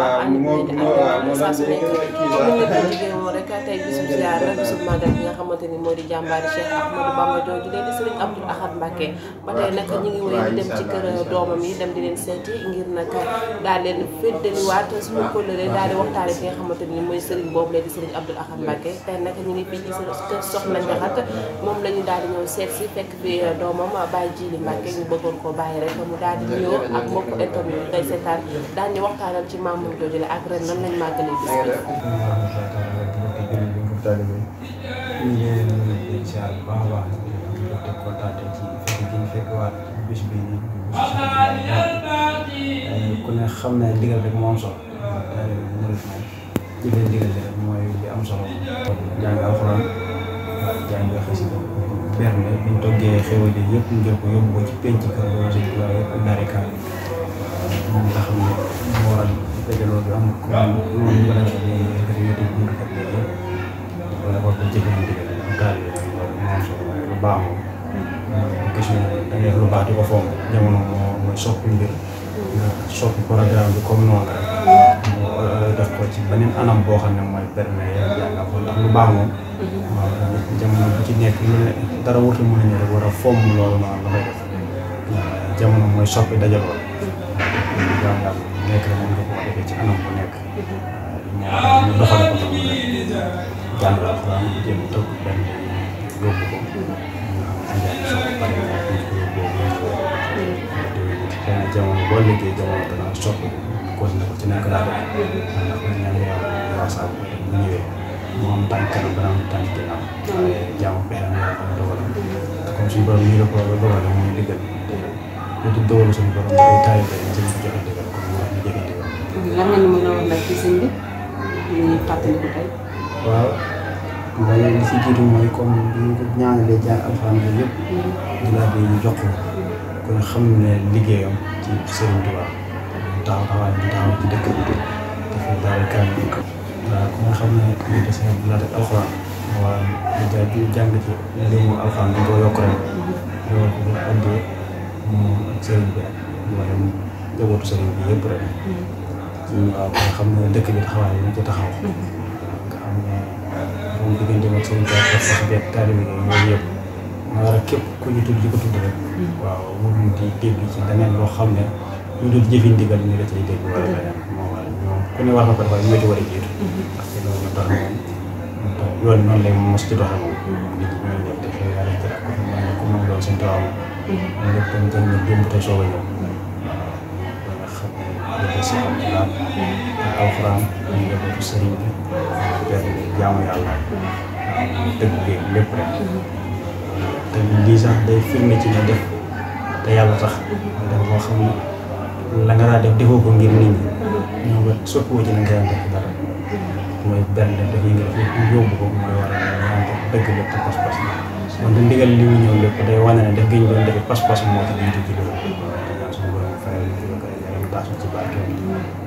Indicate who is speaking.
Speaker 1: waaw moo moo waaw moo doon ni moo di jàmbaari Cheikh Ahmadou Bamba jooju leen di Serigne Abdoul Ahad Mbacké ngi wéy ci kër yi dem di leen seeti ngir nag daal leen féddaliwaat suñu kóllëre daal di waxtaane ki nga ni mooy Serigne boobu leen di Serigne Abdoul Ahad Mbacké tey nag ñu moom la ñu di ñëw seet si fekk fi doomam Baye Djili Mbacké ñu bëggoon koo bàyyi rek mu daal di ñëw ak mbokk internet tey seetaan daal di ci maam jamono jooju la ak ren nan lañ
Speaker 2: ku ne xam ne ndigal rek moo am solo. jëfee ndigal rek mooy li am solo. jàng alxuraan jàng xasida bi ñu toggee xéwal yi yëpp ñu ko yóbbu ko ci penc kër yëpp ak ndax moo waral dajaloo loolu lu baax moom question da ngay lu baax di ko foog jamono mooy soppi bi comme ko ci beneen boo xam ne mooy lu baax moom waaw jamono bu ci nekk lu mooy soppi dajaloo nekk moom la ko defee ci anam bu nekk ñaar ñu doxal ko noonu la jàng alxuraan jéem tëgg benn yóbbu ko nga xam ne anjaay soo ko paree nga xam ne ko yóbboo ci xëy na jamono boo liggéey jamono dana soppi continué ko ci nekk laa doon ndax man ñaan yàlla waasaa bu ñëwee mu am tànk kanam dana am tànk ginnaaw jaamu bi xëy na yàlla dogal te comme suñu borom nii la ko dogal mooy diggal te du dogalu suñu borom day taay ba ñu jëm joxe diggal
Speaker 1: lan ngeen mën a wax ci sëñ bi li ñuy fàttaliku tey. waaw
Speaker 2: nga si jiitu mooy comme ni ñu ko ñaanalee jaar alxuraan bi yëpp. dinaa mm-hmm. béy ñu ko. kon xam ne liggéeyam ci Serigne Touba. taxaw taxawaay bi taxaw ci dëkk bi. dafay daal waaw ku nga xam ne lii des na rek. Mm-hmm. loolu bu ñu andee moom ak Serigne bi wala njabootu bi yëpp rek. Mm-hmm. waaw kon xam ne dëkk bi taxawaay yi ñu ko taxaw mm-hmm. nga xam ne moom diggante ak seen bopp ak sax beeg taalibe yi mooy yëpp moo war a képp ku ñu tudd di ko tudd rek mm-hmm. waaw mënuñ di dégg ci leneen loo xam ne ñu dul jëfin ndigal ñu la ciy dégg wala mm-hmm. leneen moo waral ñoom ku ne war na ko def waaye ñoo ci war a jiitu parce que loolu dox moom yoon noonu lay mos ci doxee moom nit ñi ñooy def te xëy na yàlla jël ak ko mën na ko mën doon seen tawaam lépp dañ jëm te soog a ñëw si alhamdulilah alxuraan ñu def ko sëriñ bi sax day defoo ko ngir nit ñoo nga soppoo ci la nga daan mooy benn def yi nga def yóbbu ko mooy a daan def dëgg lépp te pas-pas kon te ndigal li mu ñëw day wane ne def gi ñu doon defi pas-pas moo tax ñu di participation ci barke bi